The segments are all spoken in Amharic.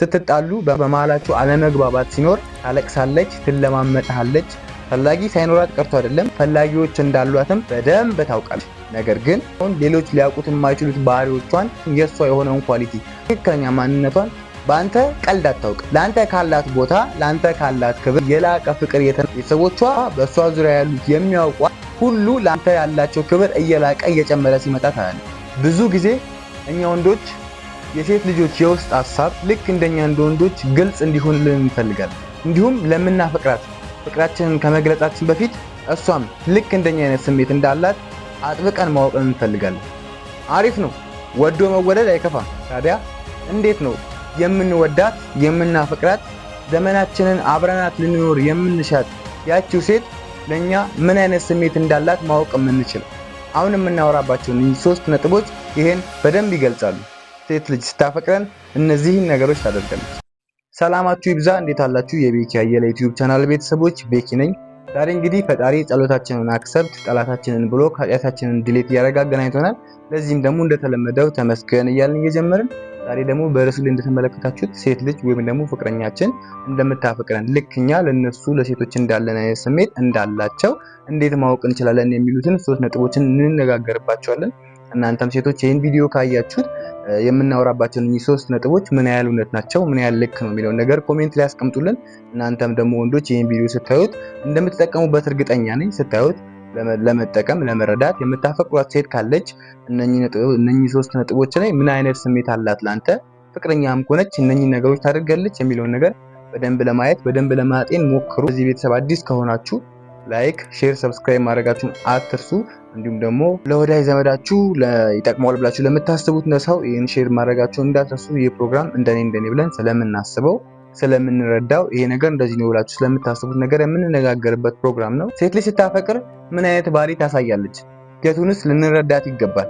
ስትጣሉ በመሃላችሁ አለመግባባት ሲኖር ታለቅሳለች፣ ትለማመጣለች ፈላጊ ሳይኖራት ቀርቶ አይደለም፣ ፈላጊዎች እንዳሏትም በደንብ ታውቃለች። ነገር ግን አሁን ሌሎች ሊያውቁት የማይችሉት ባህሪዎቿን፣ የእሷ የሆነውን ኳሊቲ፣ ትክክለኛ ማንነቷን በአንተ ቀልድ አታውቅ። ለአንተ ካላት ቦታ፣ ለአንተ ካላት ክብር የላቀ ፍቅር የተ ቤተሰቦቿ በእሷ ዙሪያ ያሉት የሚያውቋት ሁሉ ለአንተ ያላቸው ክብር እየላቀ እየጨመረ ሲመጣ ታያለ። ብዙ ጊዜ እኛ ወንዶች የሴት ልጆች የውስጥ ሀሳብ ልክ እንደኛ እንደ ወንዶች ግልጽ እንዲሆንልን እንፈልጋለን። እንዲሁም ለምናፈቅራት ፍቅራችንን ከመግለጻችን በፊት እሷም ልክ እንደኛ አይነት ስሜት እንዳላት አጥብቀን ማወቅ እንፈልጋለን። አሪፍ ነው። ወዶ መወደድ አይከፋም። ታዲያ እንዴት ነው የምንወዳት የምናፈቅራት ዘመናችንን አብረናት ልንኖር የምንሻት ያችው ሴት ለእኛ ምን አይነት ስሜት እንዳላት ማወቅ የምንችለው? አሁን የምናወራባቸውን ሶስት ነጥቦች ይህን በደንብ ይገልጻሉ። ሴት ልጅ ስታፈቅረን እነዚህን ነገሮች ታደርጋለች። ሰላማችሁ ይብዛ። እንዴት አላችሁ? የቤኪ አየለ ዩቲዩብ ቻናል ቤተሰቦች ቤኪ ነኝ። ዛሬ እንግዲህ ፈጣሪ ጸሎታችንን አክሰብት ጠላታችንን ብሎ ኃጢአታችንን ድሌት እያረጋገን አይቶናል። ለዚህም ደግሞ እንደተለመደው ተመስገን እያልን እየጀመርን ዛሬ ደግሞ በርዕሱ ላይ እንደተመለከታችሁት ሴት ልጅ ወይም ደግሞ ፍቅረኛችን እንደምታፈቅረን ልክኛ ለነሱ ለእነሱ ለሴቶች እንዳለን አይነት ስሜት እንዳላቸው እንዴት ማወቅ እንችላለን የሚሉትን ሶስት ነጥቦችን እንነጋገርባቸዋለን። እናንተም ሴቶች ይህን ቪዲዮ ካያችሁት የምናወራባቸውን እኚህ ሶስት ነጥቦች ምን ያህል እውነት ናቸው፣ ምን ያህል ልክ ነው የሚለውን ነገር ኮሜንት ላይ ያስቀምጡልን። እናንተም ደግሞ ወንዶች ይህን ቪዲዮ ስታዩት እንደምትጠቀሙበት እርግጠኛ ነኝ። ስታዩት ለመጠቀም ለመረዳት የምታፈቅሯት ሴት ካለች እነኚህ ሶስት ነጥቦች ላይ ምን አይነት ስሜት አላት ላንተ፣ ፍቅረኛም ከሆነች እነኚህ ነገሮች ታደርጋለች የሚለውን ነገር በደንብ ለማየት በደንብ ለማጤን ሞክሩ። በዚህ ቤተሰብ አዲስ ከሆናችሁ ላይክ፣ ሼር፣ ሰብስክራይብ ማድረጋችሁን አትርሱ። እንዲሁም ደግሞ ለወዳጅ ዘመዳችሁ ይጠቅመዋል ብላችሁ ለምታስቡት ነሳው ይህን ሼር ማድረጋችሁን እንዳትረሱ። ይህ ፕሮግራም እንደኔ እንደኔ ብለን ስለምናስበው ስለምንረዳው ይሄ ነገር እንደዚህ ነው ብላችሁ ስለምታስቡት ነገር የምንነጋገርበት ፕሮግራም ነው። ሴት ልጅ ስታፈቅር ምን አይነት ባህሪ ታሳያለች? የቱንስ ልንረዳት ይገባል?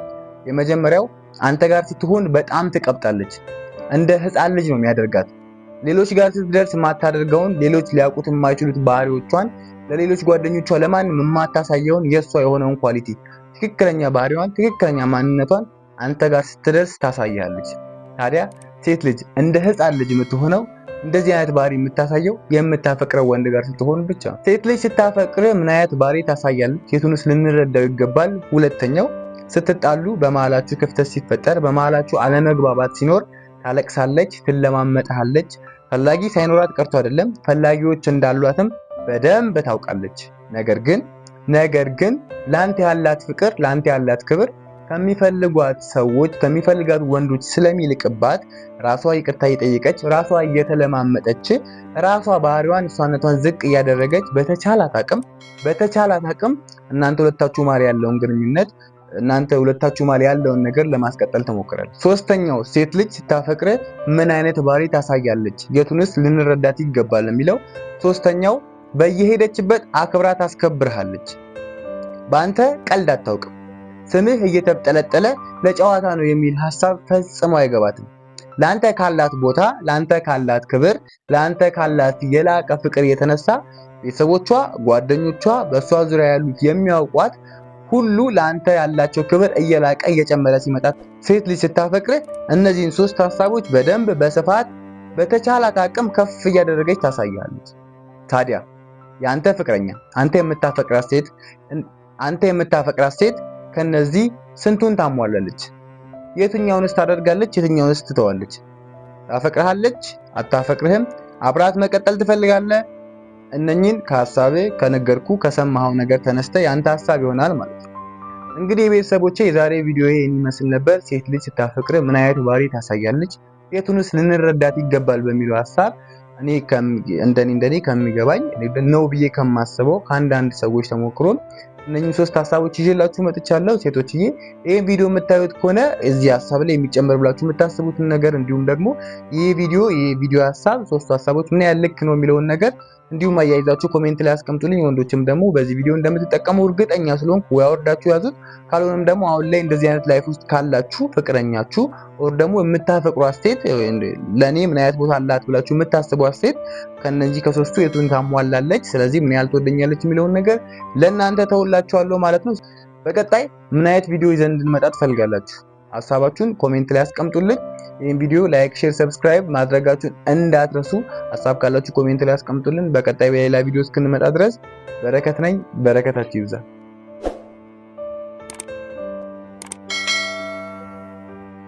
የመጀመሪያው አንተ ጋር ስትሆን በጣም ትቀብጣለች። እንደ ህፃን ልጅ ነው የሚያደርጋት። ሌሎች ጋር ስትደርስ ማታደርገውን ሌሎች ሊያውቁት የማይችሉት ባህሪዎቿን ለሌሎች ጓደኞቿ ለማንም የማታሳየውን የእሷ የሆነውን ኳሊቲ ትክክለኛ ባህሪዋን ትክክለኛ ማንነቷን አንተ ጋር ስትደርስ ታሳያለች። ታዲያ ሴት ልጅ እንደ ህፃን ልጅ የምትሆነው እንደዚህ አይነት ባህሪ የምታሳየው የምታፈቅረው ወንድ ጋር ስትሆን ብቻ። ሴት ልጅ ስታፈቅር ምን አይነት ባህሪ ታሳያለች? ሴቱንስ ልንረዳው ይገባል። ሁለተኛው ስትጣሉ፣ በመሀላችሁ ክፍተት ሲፈጠር፣ በመሀላችሁ አለመግባባት ሲኖር ታለቅሳለች፣ ትለማመጣለች ፈላጊ ሳይኖራት ቀርቶ አይደለም ፈላጊዎች እንዳሏትም በደንብ ታውቃለች። ነገር ግን ነገር ግን ላንተ ያላት ፍቅር ላንተ ያላት ክብር ከሚፈልጓት ሰዎች ከሚፈልጋት ወንዶች ስለሚልቅባት ራሷ ይቅርታ እየጠየቀች ራሷ እየተለማመጠች ራሷ ባህሪዋን እሷነቷን ዝቅ እያደረገች በተቻላት አቅም በተቻላት አቅም እናንተ ሁለታችሁ ማል ያለውን ግንኙነት እናንተ ሁለታችሁ ማል ያለውን ነገር ለማስቀጠል ትሞክራለች። ሶስተኛው ሴት ልጅ ስታፈቅር ምን አይነት ባህሪ ታሳያለች? የቱንስ ልንረዳት ይገባል የሚለው ሶስተኛው በየሄደችበት አክብራ ታስከብርሃለች። በአንተ ቀልድ አታውቅም። ስምህ እየተብጠለጠለ ለጨዋታ ነው የሚል ሐሳብ ፈጽሞ አይገባትም። ለአንተ ካላት ቦታ፣ ለአንተ ካላት ክብር፣ ለአንተ ካላት የላቀ ፍቅር የተነሳ ቤተሰቦቿ፣ ጓደኞቿ፣ በእሷ ዙሪያ ያሉት የሚያውቋት ሁሉ ለአንተ ያላቸው ክብር እየላቀ እየጨመረ ሲመጣት ሴት ልጅ ስታፈቅርህ እነዚህን ሶስት ሐሳቦች በደንብ በስፋት በተቻላት አቅም ከፍ እያደረገች ታሳያለች። ታዲያ የአንተ ፍቅረኛ አንተ የምታፈቅራት ሴት አንተ የምታፈቅራት ሴት ከነዚህ ስንቱን ታሟላለች? የትኛውንስ ታደርጋለች? የትኛውንስ ትተዋለች? ታፈቅርሃለች? አታፈቅርህም? አብራት መቀጠል ትፈልጋለህ? እነኚህን ከሀሳቤ ከነገርኩ ከሰማኸው ነገር ተነስተ የአንተ ሀሳብ ይሆናል ማለት ነው። እንግዲህ የቤተሰቦቼ የዛሬ ቪዲዮ ይሄን ይመስል ነበር። ሴት ልጅ ስታፈቅር ምን አይነት ባህሪ ታሳያለች? የቱንስ ልንረዳት ይገባል በሚለው ሀሳብ እኔ እንደኔ እንደኔ ከሚገባኝ ነው ብዬ ከማስበው ከአንዳንድ ሰዎች ተሞክሮ እነኝም ሶስት ሀሳቦች ይዤላችሁ መጥቻለሁ። ሴቶችዬ ይህን ቪዲዮ የምታዩት ከሆነ እዚህ ሀሳብ ላይ የሚጨመር ብላችሁ የምታስቡትን ነገር እንዲሁም ደግሞ ይህ ቪዲዮ ይህ ቪዲዮ ሀሳብ ሶስቱ ሀሳቦች ምን ያህል ልክ ነው የሚለውን ነገር እንዲሁም አያይዛችሁ ኮሜንት ላይ አስቀምጡልኝ። ወንዶችም ደግሞ በዚህ ቪዲዮ እንደምትጠቀሙ እርግጠኛ ስለሆንኩ ወይ አወርዳችሁ ያዙት፣ ካልሆነም ደግሞ አሁን ላይ እንደዚህ አይነት ላይፍ ውስጥ ካላችሁ ፍቅረኛችሁ ኦር ደግሞ የምታፈቅሩ አስተያየት ለእኔ ምን አይነት ቦታ አላት ብላችሁ የምታስቡ ሴት ከነዚህ ከሶስቱ የቱን ታሟላለች፣ ስለዚህ ምን ያህል ትወደኛለች የሚለውን ነገር ለእናንተ ተውላችኋለሁ ማለት ነው። በቀጣይ ምን አይነት ቪዲዮ ይዘን እንድንመጣ ትፈልጋላችሁ? ሀሳባችሁን ኮሜንት ላይ አስቀምጡልኝ። ይህን ቪዲዮ ላይክ፣ ሼር፣ ሰብስክራይብ ማድረጋችሁን እንዳትረሱ። ሀሳብ ካላችሁ ኮሜንት ላይ አስቀምጡልን። በቀጣይ በሌላ ቪዲዮ እስክንመጣ ድረስ በረከት ነኝ። በረከታችሁ ይብዛ።